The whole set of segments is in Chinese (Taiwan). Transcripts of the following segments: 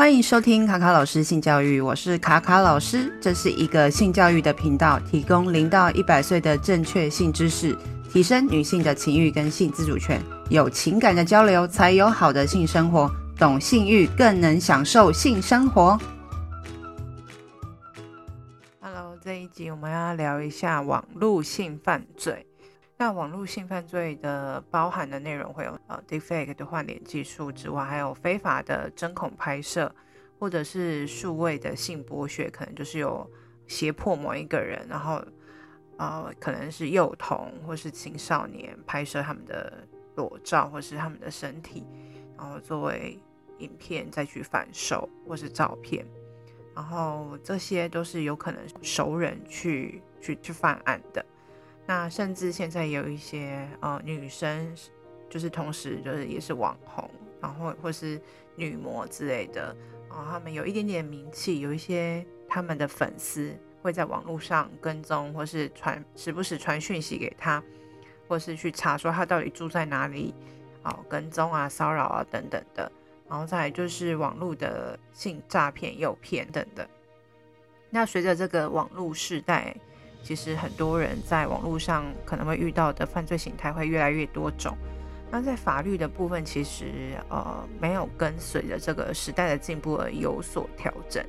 歡迎收聽卡卡老師性教育，我是卡卡老師，這是一個性教育的頻道，提供零到一百歲的正確性知識，提升女性的情欲跟性自主權，有情感的交流才有好的性生活，懂性欲更能享受性生活。Hello，這一集我們要聊一下網路性犯罪。那網絡性犯罪的包含的內容會有呃 defect 的換臉技術之外，還有非法的針孔拍攝，或者是數位的性剝削，可能就是有脅迫某一個人，然後呃，後可能是幼童或是青少年拍攝他們的裸照或是他們的身體，然後作為影片再去販售或是照片，然後這些都是有可能熟人去去去犯案的。那甚至現在有一些呃女生，就是同時就是也是網紅，然後或是女模之類的，哦、呃，他們有一點點名氣，有一些他們的粉絲會在網絡上跟蹤，或是傳時不時傳訊息給他，或是去查說他到底住在哪裡，呃、跟蹤啊，騷擾啊等等的，然後再就是網絡的性詐騙、誘騙等等。那隨着這個網絡時代，其實很多人在網絡上可能會遇到的犯罪形態會越來越多種。那在法律的部分，其實呃沒有跟隨着這個時代的進步而有所調整。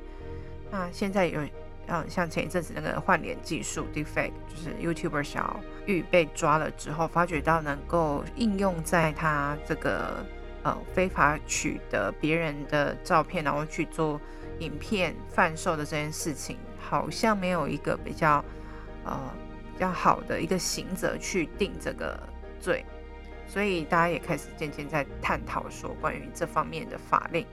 那現在有嗯像前一陣子那個換臉技術 deepfake，就是 YouTuber 小玉被抓了之後，發覺到能夠應用在他這個呃非法取得別人的照片，然後去做影片販售的這件事情，好像沒有一個比較。呃，比較好的一個刑責，去定這個罪，所以大家也開始漸漸在探討說關於這方面的法令。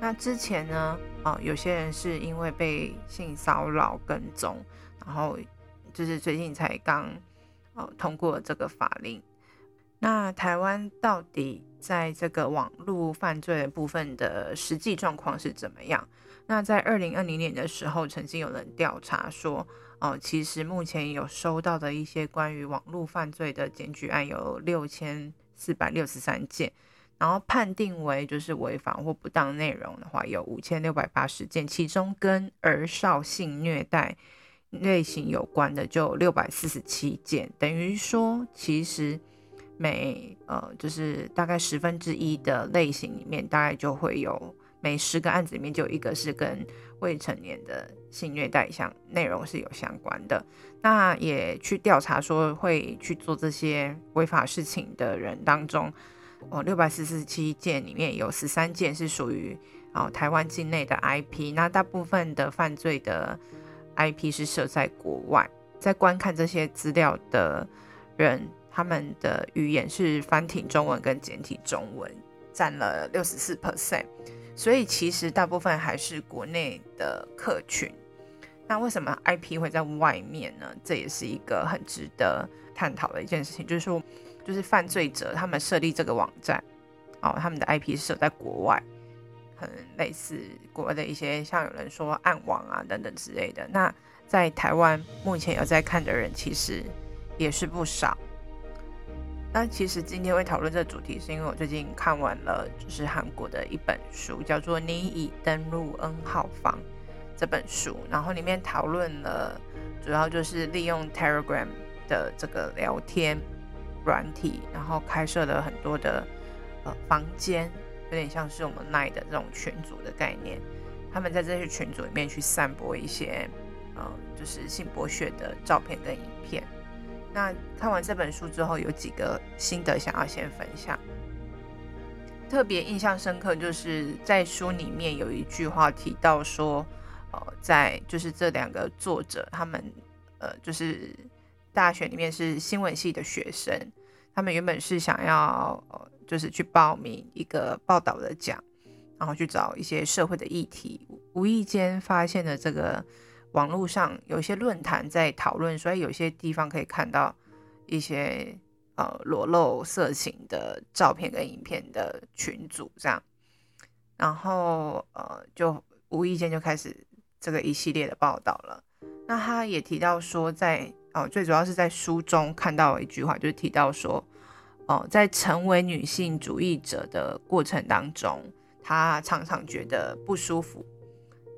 那之前呢，啊、呃，有些人是因為被性騷擾、跟蹤，然後就是最近才剛哦、呃、通過這個法令。那台灣到底在這個網絡犯罪的部分的實際狀況是怎麼樣？那在二零二零年的時候，曾經有人調查說。哦，其實目前有收到的一些關於網絡犯罪的檢舉案有六千四百六十三件，然後判定為就是違法或不當內容的話有五千六百八十件，其中跟兒少性虐待類型有關的就六百四十七件，等於說其實每呃就是大概十分之一的類型裡面大概就會有。每十個案子裡面就有一個是跟未成年的性虐待相內容是有相關的。那也去調查說，會去做這些違法事情的人當中，哦，六百四十七件裡面有十三件是屬於、哦、台灣境內的 IP。那大部分的犯罪的 IP 是設在國外。在觀看這些資料的人，他們的語言是繁體中文跟簡體中文，佔了六十四 percent。所以其實大部分還是國內的客群，那為什麼 IP 會在外面呢？這也是一個很值得探討的一件事情，就是說，就是犯罪者他們設立這個網站，哦，他們的 IP 是設在國外，很類似國外的一些，像有人說暗網啊等等之類的。那在台灣目前有在看的人，其實也是不少。那其實今天會討論這個主題，是因為我最近看完了就是韓國的一本書，叫做《你已登入 N 號房》這本書，然後裡面討論了，主要就是利用 Telegram 的這個聊天軟體，然後開設了很多的呃房間，有點像是我們 Line 的這種群組的概念，他們在這些群組裡面去散播一些、呃、就是性剝削的照片跟影片。那看完這本書之後，有幾個心得想要先分享。特別印象深刻，就是在書裡面有一句話提到說，呃，在就是這兩個作者他們，呃，就是大學裡面是新聞系的學生，他們原本是想要，呃，就是去報名一個報道的獎，然後去找一些社會的議題，無意間發現了這個。網路上有一些論壇在討論，所以有些地方可以看到一些呃裸露、色情的照片跟影片的群組這樣，然後呃就無意間就開始這個一系列的報道了。那他也提到說在，在、呃、哦最主要是在書中看到有一句話，就是提到說，哦、呃、在成為女性主義者的過程當中，她常常覺得不舒服。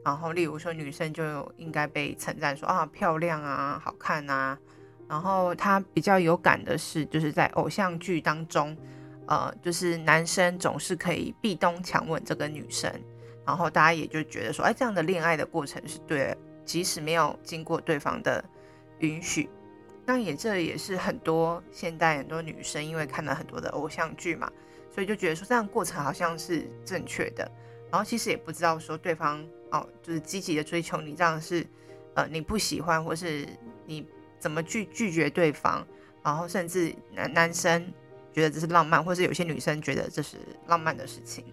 然後，例如說，女生就應該被稱讚說啊漂亮啊、好看啊。然後，他比較有感的是，就是在偶像劇當中，呃，就是男生總是可以壁咚強吻這個女生，然後大家也就覺得說，哎，這樣的戀愛的過程是對的，即使沒有經過對方的允許，那也這也是很多現代很多女生因為看了很多的偶像劇嘛，所以就覺得說這樣過程好像是正確的，然後其實也不知道說對方。哦，就是積極的追求你這樣是，呃，你不喜歡，或是你怎麼去拒絕對方，然後甚至男男生覺得這是浪漫，或是有些女生覺得這是浪漫的事情，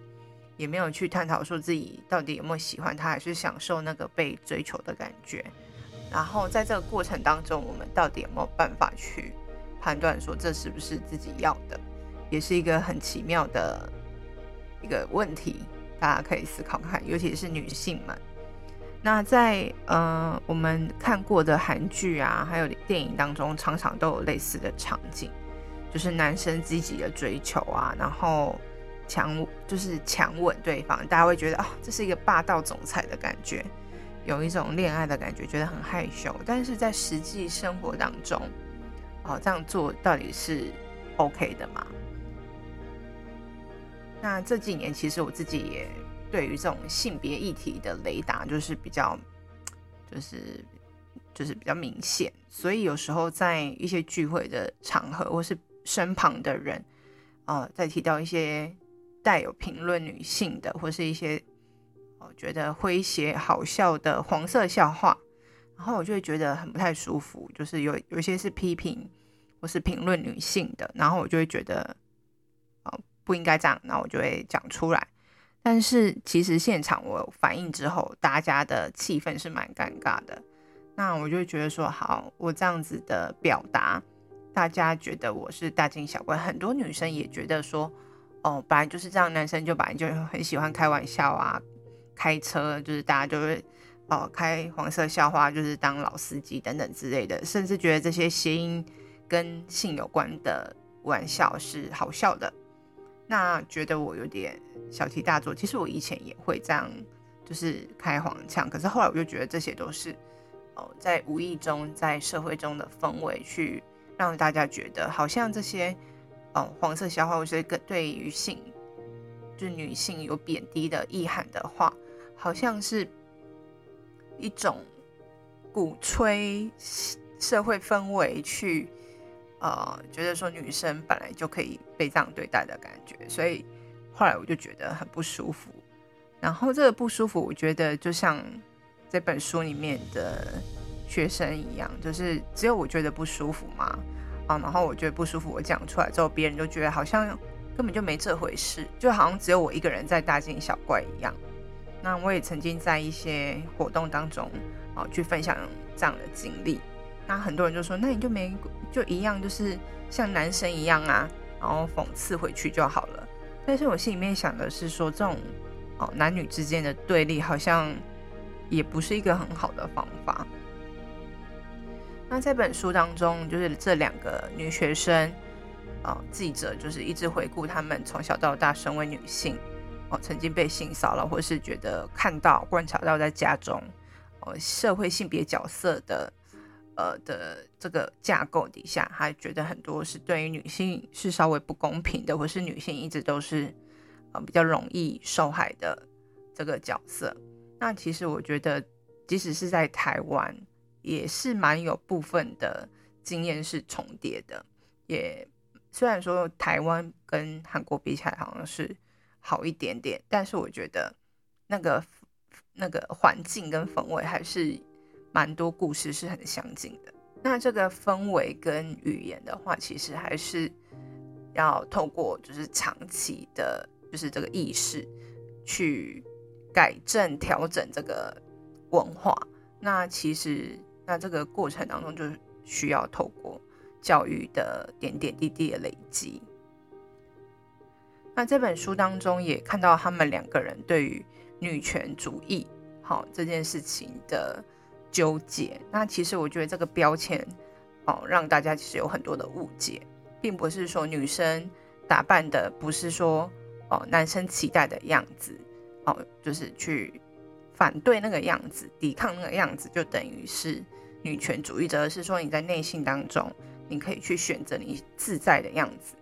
也沒有去探討說自己到底有沒有喜歡他，還是享受那個被追求的感覺。然後在這個過程當中，我們到底有沒有辦法去判斷說這是不是自己要的，也是一個很奇妙的一個問題。大家可以思考看，尤其是女性們。那在嗯、呃，我們看過的韓劇啊，還有電影當中，常常都有類似的場景，就是男生積極的追求啊，然後強就是強吻對方，大家會覺得啊、哦，這是一個霸道總裁的感覺，有一種戀愛的感覺，覺得很害羞。但是在實際生活當中，哦這樣做到底是 OK 的嗎？那這幾年，其實我自己也對於這種性別議題的雷達，就是比較，就是就是比較明顯。所以有時候在一些聚會的場合，或是身旁的人，啊，在提到一些帶有評論女性的，或是一些哦覺得詼諧好笑的黃色笑話，然後我就會覺得很不太舒服。就是有有些是批評或是評論女性的，然後我就會覺得。不應該這樣，那我就會講出來。但是其實現場我反應之後，大家的氣氛是蠻尷尬的。那我就覺得說，好，我這樣子的表達，大家覺得我是大驚小怪。很多女生也覺得說，哦，本來就是這樣，男生就本來就很喜歡開玩笑啊。開車就是大家就會哦開黃色笑話，就是當老司機等等之類的，甚至覺得這些諧音跟性有關的玩笑是好笑的。那覺得我有點小題大做，其實我以前也會這樣，就是開黃腔。可是後來我就覺得這些都是，哦，在無意中在社會中的氛圍去讓大家覺得好像這些，哦，黃色笑話或者跟對於性，就是、女性有貶低的意涵的話，好像是，一種，鼓吹社會氛圍去。呃，覺得說女生本來就可以被這樣對待的感覺，所以後來我就覺得很不舒服。然後這個不舒服，我覺得就像這本書裡面的學生一樣，就是只有我覺得不舒服嘛，啊，然後我覺得不舒服，我講出來之後，別人就覺得好像根本就沒這回事，就好像只有我一個人在大驚小怪一樣。那我也曾經在一些活動當中啊，去分享這樣的經歷。那很多人就說：“那你就沒就一樣，就是像男生一樣啊。”然後諷刺回去就好了。但是，我心裡面想的是說，這種哦男女之間的對立好像也不是一個很好的方法。那在本書當中，就是這兩個女學生哦，記者就是一直回顧她們從小到大，身為女性哦，曾經被性騷擾，或是覺得看到、觀察到在家中哦社會性別角色的。呃的這個架構底下，還覺得很多是對於女性是稍微不公平的，或是女性一直都是，呃比較容易受害的這個角色。那其實我覺得，即使是在台灣，也是蠻有部分的經驗是重疊的。也雖然說台灣跟韓國比起來好像是好一點點，但是我覺得那個那個環境跟氛圍還是。蠻多故事是很相近的。那這個氛圍跟語言的話，其實還是要透過就是長期的，就是這個意識去改正、調整這個文化。那其實，那這個過程當中就需要透過教育的點點滴滴的累積。那這本書當中也看到他們兩個人對於女權主義，好這件事情的。糾結。那其實我覺得這個標籤，哦，讓大家其實有很多的誤解，並不是說女生打扮的不是說哦男生期待的樣子，哦，就是去反對那個樣子，抵抗那個樣子，就等於是女權主義者。是說你在內心當中，你可以去選擇你自在的樣子，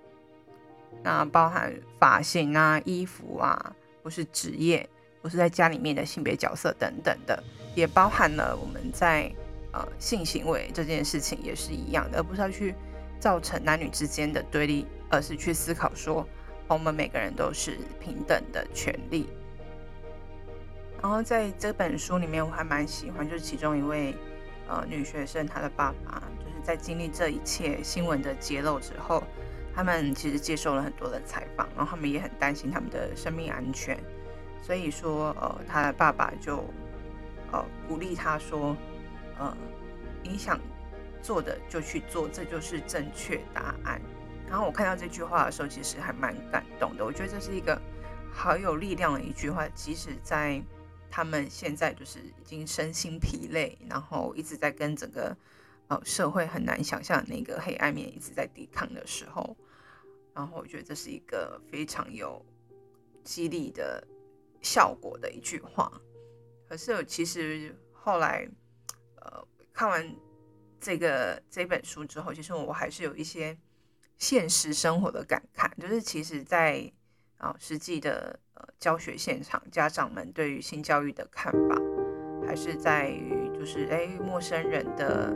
那包含髮型啊、衣服啊，不是職業，不是在家裡面的性別角色等等的。也包含了我們在呃性行為這件事情也是一樣的，而不是要去造成男女之間的對立，而是去思考說我們每個人都是平等的權利。然後在這本書裡面，我還蠻喜歡就是其中一位呃女學生她的爸爸，就是在經歷這一切新聞的揭露之後，他們其實接受了很多的採訪，然後他們也很擔心他們的生命安全，所以說呃他的爸爸就，鼓勵他說：“呃、嗯，你想做的就去做，這就是正確答案。”然後我看到這句話的時候，其實還蠻感動的。我覺得這是一個好有力量的一句話，即使在他們現在就是已經身心疲累，然後一直在跟整個呃、嗯、社會很難想象的那個黑暗面一直在抵抗的時候，然後我覺得這是一個非常有激勵的效果的一句話。可是，我其實後來，呃，看完這個這本書之後，其實我還是有一些現實生活的感慨。就是，其實在，在、呃、啊實際的呃教學現場，家長們對於性教育的看法，還是在於就是，哎，陌生人的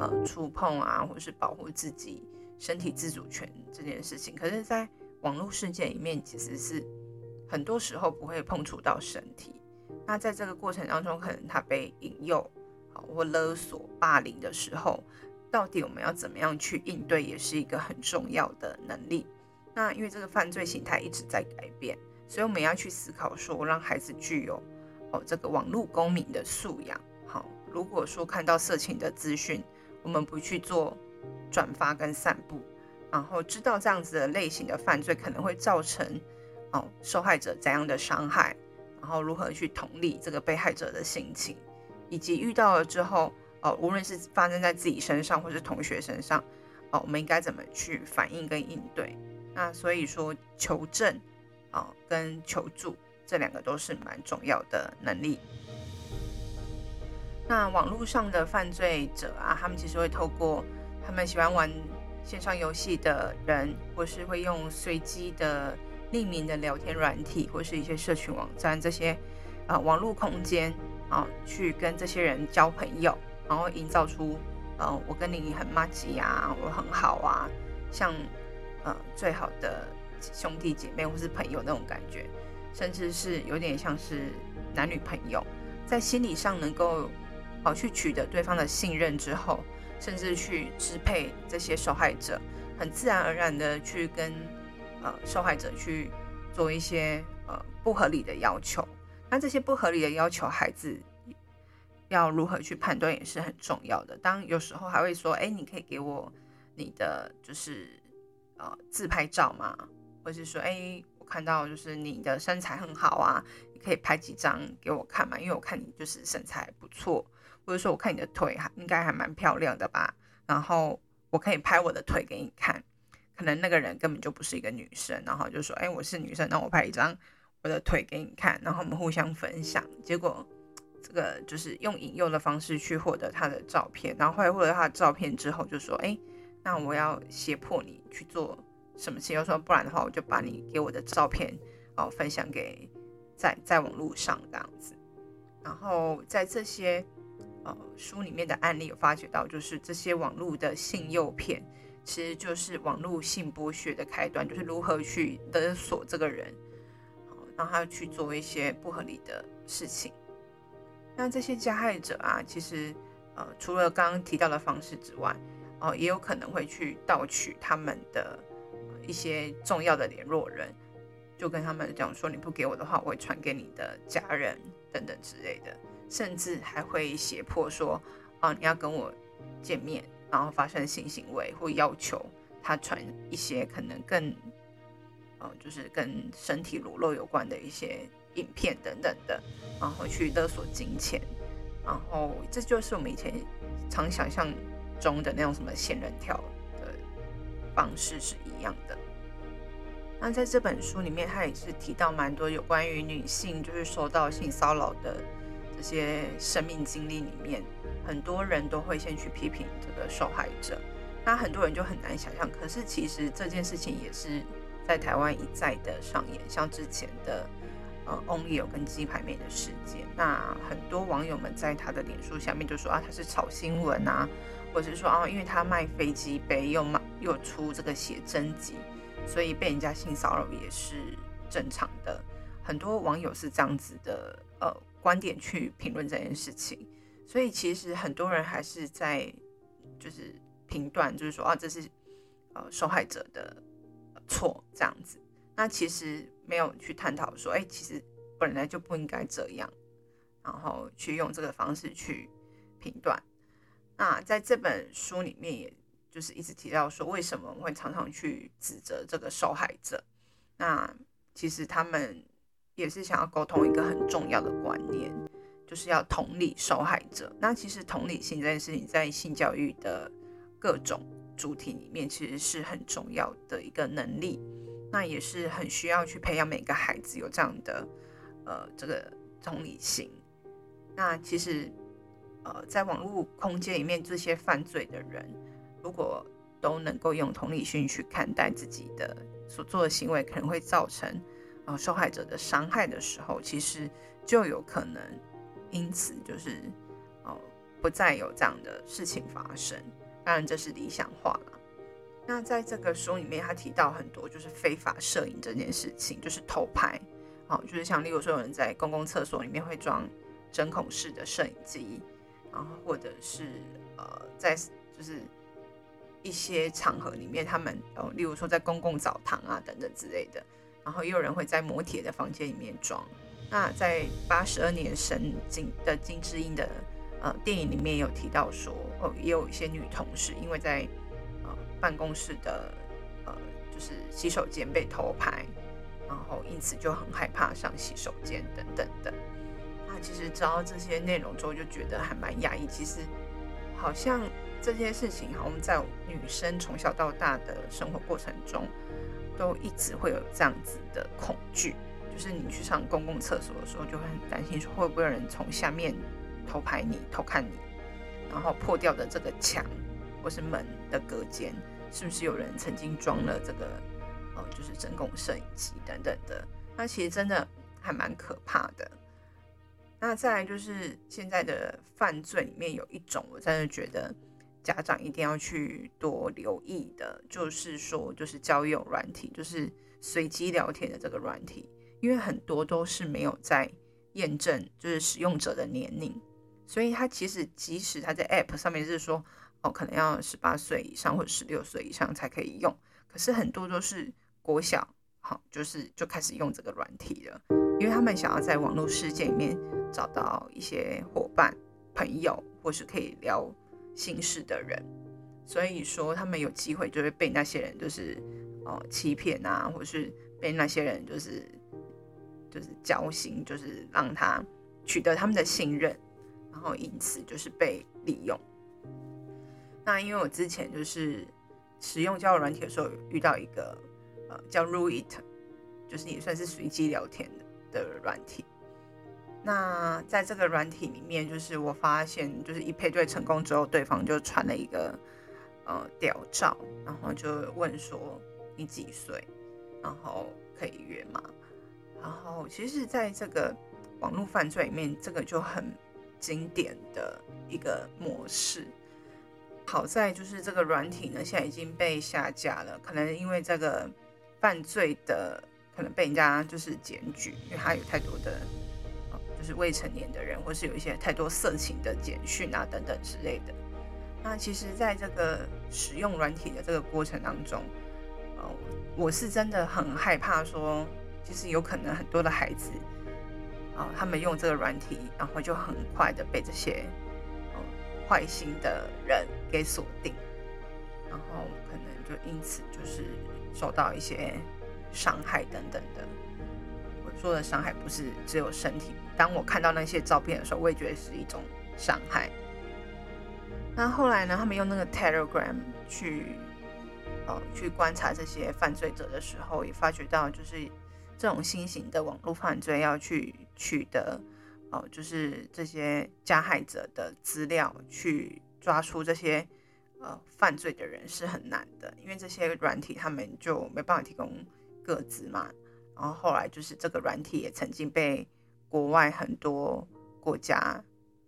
呃觸碰啊，或者是保護自己身體自主權這件事情。可是，在網絡世界裡面，其實是很多時候不會碰觸到身體。那在這個過程當中，可能他被引誘、好或勒索、霸凌的時候，到底我們要怎麼樣去應對，也是一個很重要的能力。那因為這個犯罪形態一直在改變，所以我們要去思考說，讓孩子具有哦這個網絡公民的素養。好，如果說看到色情的資訊，我們不去做轉發跟散布，然後知道這樣子的類型的犯罪可能會造成哦受害者怎樣的傷害。然後如何去同理這個被害者的心情，以及遇到了之後，哦，無論是發生在自己身上或是同學身上，哦，我們應該怎麼去反應跟應對？那所以說求證，哦，跟求助這兩個都是蠻重要的能力。那網絡上的犯罪者啊，他們其實會透過他們喜歡玩線上遊戲的人，或是會用隨機的。匿名的聊天軟體，或者是一些社群網站這些，啊，網絡空間啊，去跟這些人交朋友，然後營造出，嗯、啊，我跟你很麻吉啊，我很好啊，像啊，最好的兄弟姐妹或是朋友那種感覺，甚至是有點像是男女朋友，在心理上能夠，好、啊、去取得對方的信任之後，甚至去支配這些受害者，很自然而然的去跟。呃，受害者去做一些呃不合理的要求，那這些不合理的要求，孩子要如何去判斷，也是很重要的。當有時候還會說，欸，你可以給我你的就是呃自拍照嗎？或是說，欸，我看到就是你的身材很好啊，你可以拍幾張給我看嘛？因為我看你就是身材不錯，或者說我看你的腿還應該還蠻漂亮的吧，然後我可以拍我的腿給你看。可能那個人根本就不是一個女生，然後就說：“哎、欸，我是女生，那我拍一張我的腿給你看。”然後我們互相分享。結果這個就是用引誘的方式去獲得他的照片。然後後來獲得他的照片之後，就說：“哎、欸，那我要脅迫你去做什麼事情？要說不然的話，我就把你給我的照片哦分享給在在網絡上這樣子。”然後在這些呃、哦、書裡面的案例有發覺到，就是這些網絡的性誘騙。其實就是網絡性剝削的開端，就是如何去勒索這個人，讓他去做一些不合理的事情。那這些加害者啊，其實呃，除了剛剛提到的方式之外，哦、呃，也有可能會去盜取他們的、呃、一些重要的聯絡人，就跟他們講說，你不給我的話，我會傳給你的家人等等之類的，甚至還會脅迫說，呃，你要跟我見面。然後發生性行為，會要求他傳一些可能更，嗯、哦、就是跟身體裸露有關的一些影片等等的，然後去勒索金錢，然後這就是我們以前常想象中的那種什麼仙人跳的方式是一樣的。那在這本書裡面，他也是提到蠻多有關於女性就是受到性騷擾的這些生命經歷裡面。很多人都會先去批評這個受害者，那很多人就很難想象，可是其實這件事情也是在台灣一再的上演，像之前的呃翁立友跟雞排妹的事件，那很多網友們在他的臉書下面就說啊，他是炒新聞啊，或者是說啊，因為他賣飛機杯又賣又出這個寫真集，所以被人家性騷擾也是正常的。很多網友是這樣子的呃觀點去評論這件事情。所以其實很多人還是在，就是評斷，就是說啊，這是，呃，受害者的錯這樣子。那其實沒有去探討說，哎，其實本來就不應該這樣，然後去用這個方式去評斷。那在這本書裡面，也就是一直提到說，為什麼我們會常常去指責這個受害者？那其實他們也是想要溝通一個很重要的觀念。就是要同理受害者。那其實同理心這件事情，在性教育的各種主題裡面，其實是很重要的一個能力。那也是很需要去培養每個孩子有這樣的，呃，這個同理心。那其實，呃，在網絡空間裡面，這些犯罪的人，如果都能夠用同理心去看待自己的所做的行為，可能會造成，呃，受害者的傷害的時候，其實就有可能。因此，就是哦，不再有這樣的事情發生。當然，這是理想化了。那在這個書裡面，他提到很多，就是非法攝影這件事情，就是偷拍啊，哦，就是像例如說，有人在公共廁所裡面會裝針孔式的攝影機，然後或者是呃，在就是一些場合裡面，他們哦，例如說在公共澡堂啊等等之類的，然後也有人會在摩鐵的房間裡面裝。那在八十二年生的金智英的呃電影裡面有提到說哦，也有一些女同事因為在呃辦公室的呃就是洗手間被偷拍，然後因此就很害怕上洗手間等等的。那其實知道這些內容之後就覺得還蠻壓抑。其實好像這些事情好像在女生從小到大的生活過程中都一直會有這樣子的恐懼。就是你去上公共廁所的時候，就會很擔心說會不會有人從下面偷拍你，偷看你。然後破掉的這個牆或是門的隔間，是不是有人曾經裝了這個、哦、就是針孔攝影機等等的？那其實真的還蠻可怕的。那再來就是現在的犯罪裡面有一種，我真的覺得家長一定要去多留意的，就是說就是交友軟體，就是隨機聊天的這個軟體。因為很多都是沒有在驗證，就是使用者的年齡，所以他其實即使他在 App 上面就是說哦，可能要十八歲以上或者十六歲以上才可以用，可是很多都是國小好、哦，就是就開始用這個軟體了，因為他們想要在網絡世界裡面找到一些夥伴、朋友，或是可以聊心事的人，所以說他們有機會就會被那些人就是哦、呃、欺騙啊，或是被那些人就是。就是交心，就是讓他取得他們的信任，然後因此就是被利用。那因為我之前就是使用交友軟體的時候，遇到一個呃叫 Rouit，就是也算是隨機聊天的軟體。那在這個軟體裡面，就是我發現，就是一配對成功之後，對方就傳了一個呃屌照，然後就問說你幾歲，然後可以約嗎？然、哦、後，其實在這個網絡犯罪裡面，這個就很經典的一個模式。好在就是這個軟體呢，現在已經被下架了，可能因為這個犯罪的可能被人家就是檢舉，因為他有太多的啊、哦，就是未成年的人，或是有一些太多色情的簡訊啊等等之類的。那其實，在這個使用軟體的這個過程當中，哦，我是真的很害怕說。其實有可能很多的孩子啊、哦，他們用這個軟體，然後就很快的被這些、哦、壞心的人給鎖定，然後可能就因此就是受到一些傷害等等的。我說的傷害不是只有身體。當我看到那些照片的時候，我也覺得是一種傷害。那後來呢？他們用那個 Telegram 去哦去觀察這些犯罪者的時候，也發覺到就是。這種新型的網絡犯罪要去取得哦，就是這些加害者的資料，去抓出這些呃犯罪的人是很難的，因為這些軟體他們就沒辦法提供個資嘛。然後後來就是這個軟體也曾經被國外很多國家，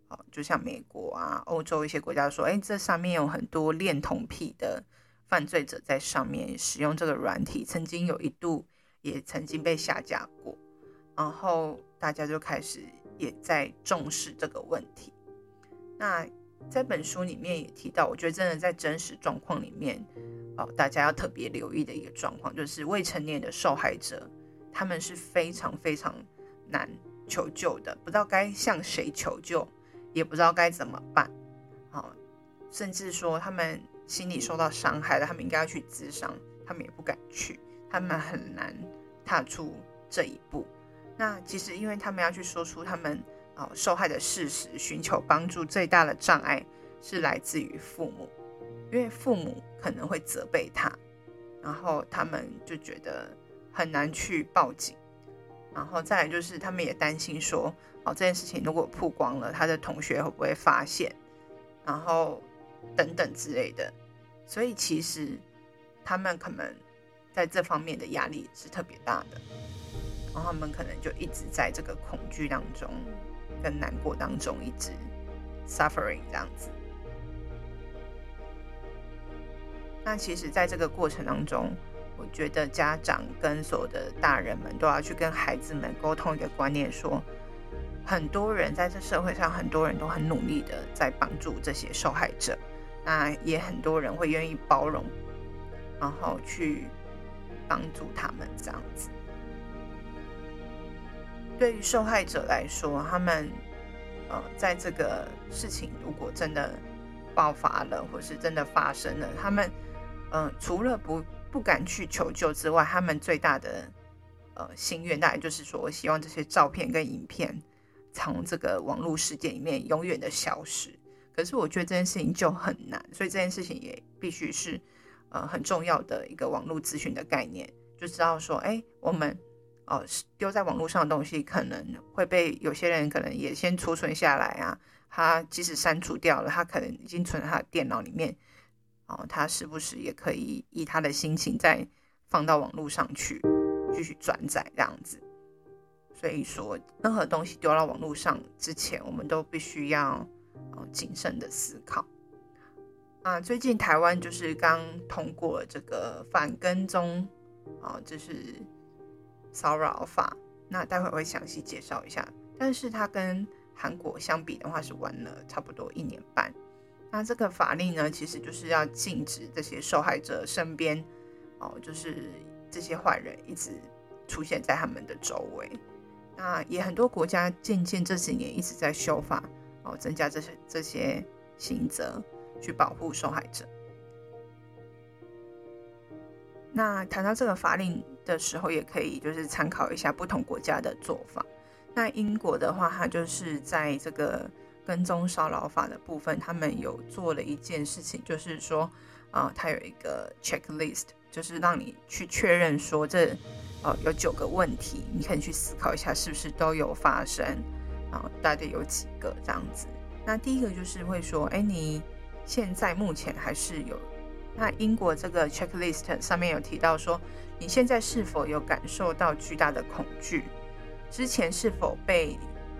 哦，就像美國啊、歐洲一些國家說，哎，這上面有很多戀童癖的犯罪者在上面使用這個軟體，曾經有一度。也曾經被下架過，然後大家就開始也在重視這個問題。那在本書裡面也提到，我覺得真的在真實狀況裡面，哦，大家要特別留意的一個狀況，就是未成年的受害者，他們是非常非常難求救的，不知道該向誰求救，也不知道該怎麼辦。好，甚至說他們心理受到傷害了，他們應該要去諮商，他們也不敢去。他們很難踏出這一步。那其實，因為他們要去說出他們哦受害的事實，尋求幫助，最大的障礙是來自於父母，因為父母可能會責備他，然後他們就覺得很難去報警。然後再來就是，他們也擔心說，哦，這件事情如果曝光了，他的同學會不會發現，然後等等之類的。所以其實他們可能。在這方面的壓力是特別大的，然後他們可能就一直在這個恐懼當中、跟難過當中一直 suffering 這樣子。那其實，在這個過程當中，我覺得家長跟所有的大人們都要去跟孩子們溝通一個觀念說，很多人在這社會上，很多人都很努力的在幫助這些受害者，那也很多人會願意包容，然後去。幫助他們這樣子。對於受害者來說，他們呃，在這個事情如果真的爆發了，或是真的發生了，他們、呃、除了不不敢去求救之外，他們最大的呃心願，大概就是說，我希望這些照片跟影片從這個網絡世界裡面永遠的消失。可是我覺得這件事情就很難，所以這件事情也必須是。呃，很重要的一個網絡資訊的概念，就知道說，哎，我們，哦、呃，丟在網絡上的東西，可能會被有些人可能也先儲存下來啊。他即使刪除掉了，他可能已經存在他的電腦裡面，哦、呃，他時不時也可以以他的心情再放到網絡上去，繼續轉載這樣子。所以說，任何東西丟到網絡上之前，我們都必須要，呃，謹慎的思考。啊，最近台灣就是剛通過了這個反跟蹤啊，哦，就是騷擾法。那待會我會詳細介紹一下。但是它跟韓國相比的話，是晚了差不多一年半。那這個法令呢，其實就是要禁止這些受害者身邊哦，就是這些壞人一直出現在他們的周圍。那也很多國家漸漸這幾年一直在修法哦，增加這些這些刑責。去保護受害者。那談到這個法令的時候，也可以就是參考一下不同國家的做法。那英國的話，它就是在這個跟蹤騷擾法的部分，他們有做了一件事情，就是說啊、呃，它有一個 checklist，就是讓你去確認說這呃有九個問題，你可以去思考一下是不是都有發生，啊、呃，大概有幾個這樣子。那第一個就是會說，哎、欸，你。現在目前還是有，那英國這個 checklist 上面有提到說，你現在是否有感受到巨大的恐懼？之前是否被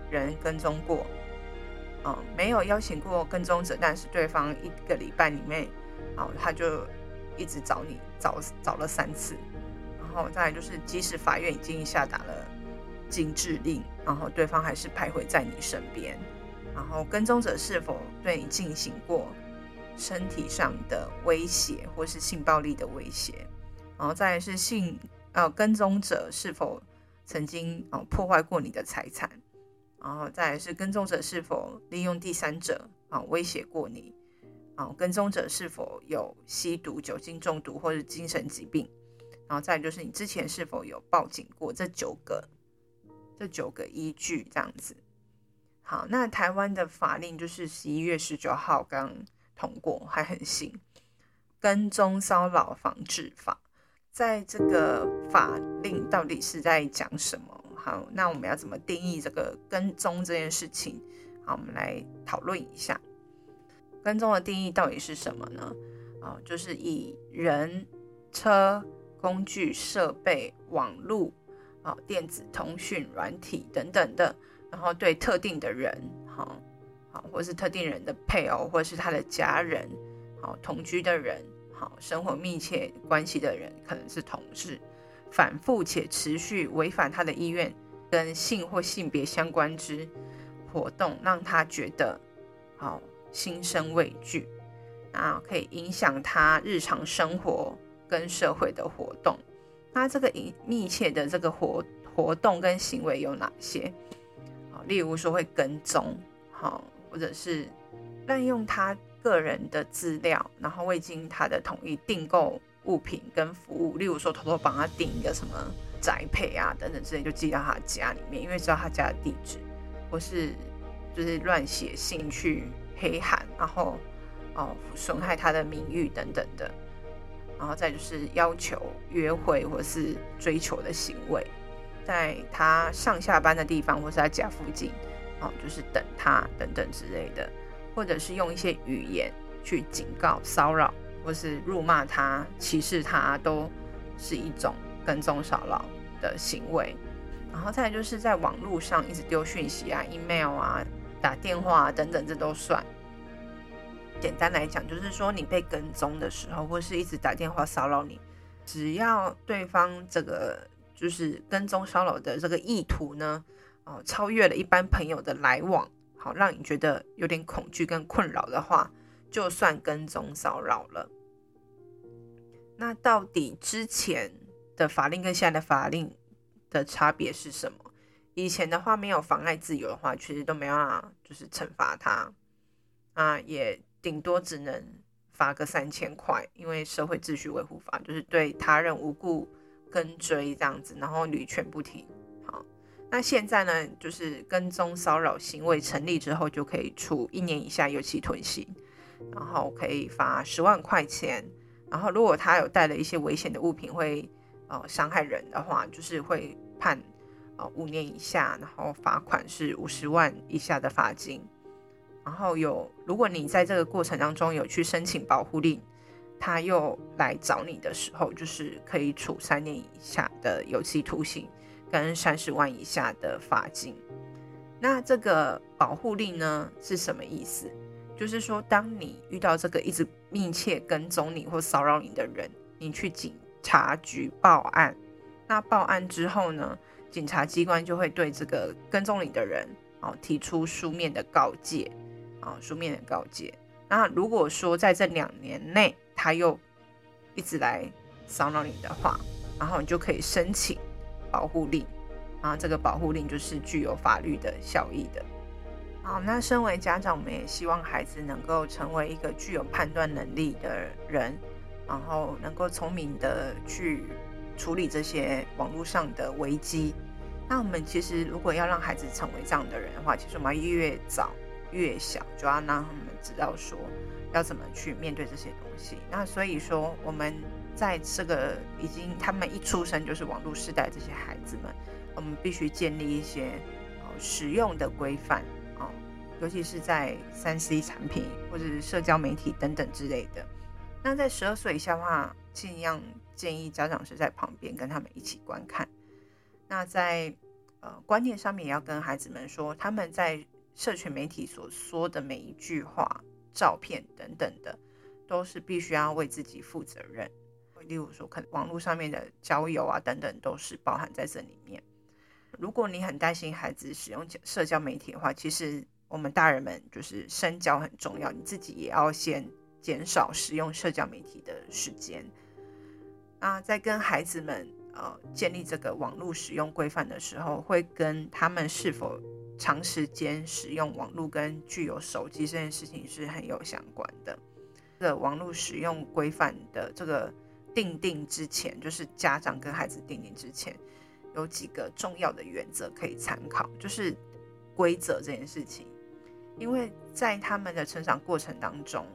人跟蹤過？嗯，哦，沒有邀請過跟蹤者，但是對方一個禮拜裡面，哦，他就一直找你，找找了三次。然後再來就是，即使法院已經下達了禁制令，然後對方還是徘徊在你身邊。然後跟蹤者是否對你進行過？身體上的威脅，或是性暴力的威脅，然後再來是性呃跟蹤者是否曾經哦、呃、破壞過你的財產，然後再來是跟蹤者是否利用第三者啊、呃、威脅過你，啊、呃、跟蹤者是否有吸毒、酒精中毒或者精神疾病，然後再來就是你之前是否有報警過這九個，這九個依據這樣子。好，那臺灣的法令就是十一月十九號剛。通過還很新，跟蹤騷擾防制法，在這個法令到底是在講什麼？好，那我們要怎麼定義這個跟蹤這件事情？好，我們來討論一下跟蹤的定義到底是什麼呢？啊，就是以人、車、工具、設備、網路、啊電子通訊軟體等等的，然後對特定的人，好，或是特定人的配偶，或是他的家人，好，同居的人，好，生活密切關係的人，可能是同事，反覆且持續違反他的意願跟性或性別相關之活動，讓他覺得好心生畏懼，那可以影響他日常生活跟社會的活動。那這個密切的這個活活動跟行為有哪些？好，例如說會跟蹤，好。或者是濫用他個人的資料，然後未經他的同意訂購物品跟服務，例如說偷偷幫他訂一個什麼宅配啊等等之類，就寄到他家裡面，因為知道他家的地址，或是就是亂寫信去黑函，然後哦損害他的名譽等等的，然後再就是要求約會或是追求的行為，在他上下班的地方或是他家附近。哦，就是等他等等之類的，或者是用一些語言去警告、騷擾，或是辱罵他、歧視他啊，都是一種跟蹤騷擾的行為。然後再來就是，在網絡上一直丟訊息啊、email 啊、打電話啊、等等，這都算。簡單來講，就是說你被跟蹤的時候，或是一直打電話騷擾你，只要對方這個就是跟蹤騷擾的這個意圖呢。哦，超越了一般朋友的來往，好讓你覺得有點恐懼跟困擾的話，就算跟蹤騷擾了。那到底之前的法令跟現在的法令的差別是什麼？以前的話沒有妨礙自由的話，其實都沒有辦法，就是懲罰他啊，也頂多只能罰個三千塊，因為社會秩序維護法就是對他人無故跟追這樣子，然後屢勸不聽。那現在呢，就是跟蹤騷擾行為成立之後，就可以處一年以下有期徒刑，然後可以罰十萬塊錢。然後如果他有帶了一些危險的物品會，會呃傷害人的話，就是會判呃五年以下，然後罰款是五十萬以下的罰金。然後有，如果你在這個過程當中有去申請保護令，他又來找你的時候，就是可以處三年以下的有期徒刑。跟三十萬以下的罰金，那這個保護令呢是什麼意思？就是說，當你遇到這個一直密切跟蹤你或騷擾你的人，你去警察局報案，那報案之後呢，警察機關就會對這個跟蹤你的人哦提出書面的告誡啊、哦，書面的告誡。那如果說在這兩年內他又一直來騷擾你的話，然後你就可以申請。保護令，啊，這個保護令就是具有法律的效益的。好，那身為家長，我們也希望孩子能夠成為一個具有判斷能力的人，然後能夠聰明的去處理這些網絡上的危機。那我們其實如果要讓孩子成為這樣的人的話，其實我們要越早越小，就要讓他們知道說要怎麼去面對這些東西。那所以說我們。在這個已經，他們一出生就是網絡世代，這些孩子們，我們必須建立一些哦使用的規範，尤其是在三 C 產品或者是社交媒體等等之類的。那在十二歲以下的話，盡量建議家長是在旁邊跟他們一起觀看。那在呃觀念上面，也要跟孩子們說，他們在社群媒體所說的每一句話、照片等等的，都是必須要為自己負責任。例如說，可能網絡上面的交友啊等等，都是包含在這裡面。如果你很擔心孩子使用社交媒體的話，其實我們大人們就是身教很重要，你自己也要先減少使用社交媒體的時間。那在跟孩子們呃建立這個網絡使用規範的時候，會跟他們是否長時間使用網絡跟具有手機這件事情是很有相關的。這個網絡使用規範的這個。定定之前，就是家長跟孩子定定之前，有幾個重要的原則可以參考，就是規則這件事情。因為在他們的成長過程當中，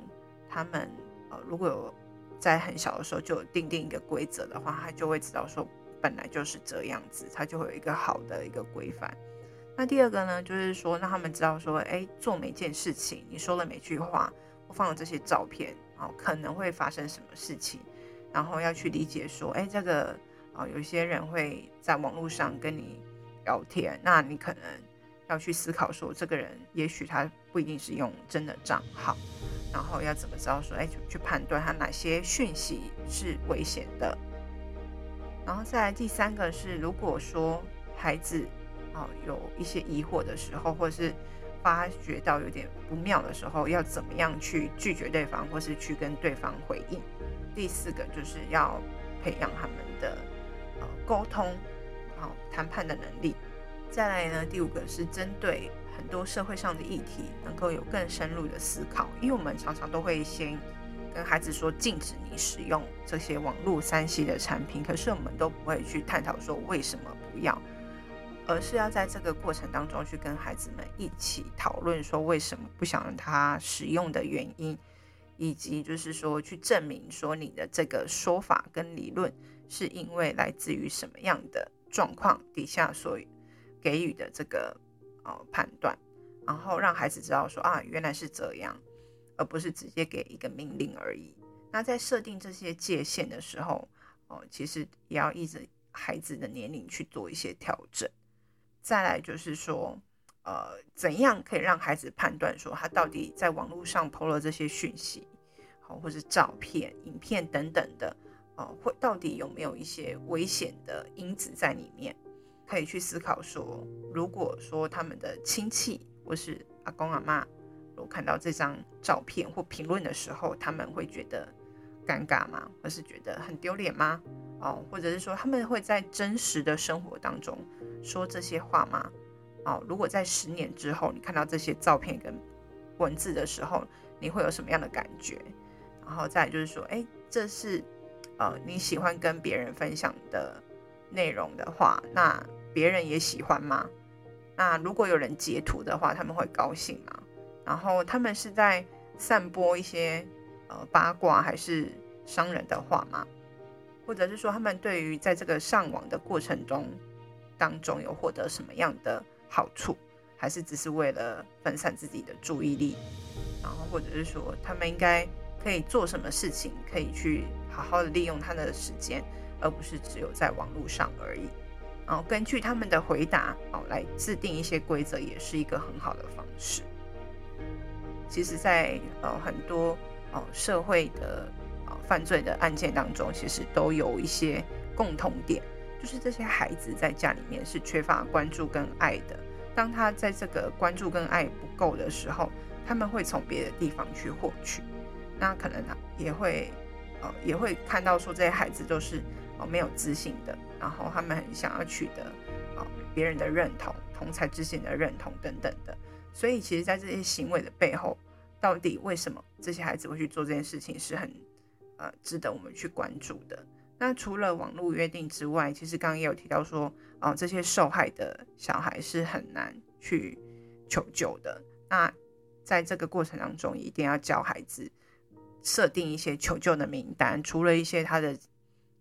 他們呃，如果有在很小的時候就有定定一個規則的話，他就會知道說本來就是這樣子，他就會有一個好的一個規範。那第二個呢，就是說讓他們知道說，哎、欸，做每件事情，你說的每句話，我放了這些照片，啊，可能會發生什麼事情。然後要去理解說，哎，這個啊、哦，有些人會在網絡上跟你聊天，那你可能要去思考說，這個人也許他不一定是用真的賬號，然後要怎麼知道說，哎，去判斷他哪些訊息是危險的。然後再來第三個是，如果說孩子啊、哦、有一些疑惑的時候，或是發覺到有點不妙的時候，要怎麼樣去拒絕對方，或是去跟對方回應。第四個就是要培養他們的呃溝通、好談判的能力。再來呢，第五個是針對很多社會上的議題，能夠有更深入的思考。因為我們常常都會先跟孩子說，禁止你使用這些網絡三 C 的產品，可是我們都不會去探討說為什麼不要，而是要在這個過程當中去跟孩子們一起討論說為什麼不想讓他使用的原因。以及就是說，去證明說你的這個說法跟理論，是因為來自於什麼樣的狀況底下所給予的這個呃判斷，然後讓孩子知道說啊，原來是這樣，而不是直接給一個命令而已。那在設定這些界限的時候，哦，其實也要依着孩子的年齡去做一些調整。再來就是說，呃，怎樣可以讓孩子判斷說他到底在網絡上 PO 了這些訊息，好、哦、或者照片、影片等等的，哦，會到底有沒有一些危險的因子在裡面？可以去思考說，如果說他們的親戚或是阿公阿媽，我看到這張照片或評論的時候，他們會覺得尷尬嗎？或是覺得很丟臉嗎？哦，或者是說他們會在真實的生活當中說這些話嗎？哦，如果在十年之後你看到這些照片跟文字的時候，你會有什麼樣的感覺？然後再就是說，哎、欸，這是呃你喜歡跟別人分享的內容的話，那別人也喜歡嗎？那如果有人截圖的話，他們會高興嗎？然後他們是在散播一些呃八卦還是傷人的話嗎？或者是說他們對於在這個上網的過程中當中有獲得什麼樣的？好處，還是只是為了分散自己的注意力，然後或者是說，他們應該可以做什麼事情，可以去好好的利用他的時間，而不是只有在網絡上而已。然後根據他們的回答，哦，來制定一些規則，也是一個很好的方式。其實在，在、哦、呃很多哦社會的、哦、犯罪的案件當中，其實都有一些共同點。就是這些孩子在家裡面是缺乏關注跟愛的。當他在這個關注跟愛不夠的時候，他們會從別的地方去獲取。那可能、啊、也會、哦，也會看到說這些孩子都是、哦、沒有自信的，然後他們很想要取得、哦、別人的認同、同儕之間的認同等等的。所以其實，在這些行為的背後，到底為什麼這些孩子會去做這件事情，是很、呃、值得我們去關注的。那除了網絡約定之外，其實剛剛也有提到說，啊、哦，這些受害的小孩是很難去求救的。那在這個過程當中，一定要教孩子設定一些求救的名單，除了一些他的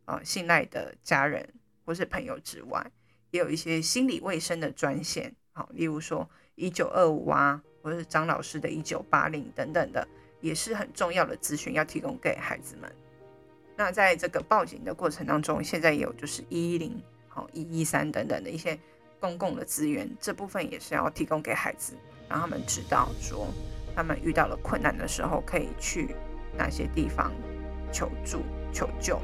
啊、哦、信賴的家人或是朋友之外，也有一些心理衛生的專線，好、哦，例如說一九二五啊，或者是張老師的一九八零等等的，也是很重要的資訊要提供給孩子們。那在這個報警的過程當中，現在也有就是一一零、好一一三等等的一些公共的資源，這部分也是要提供給孩子，讓他們知道說，他們遇到了困難的時候可以去哪些地方求助求救。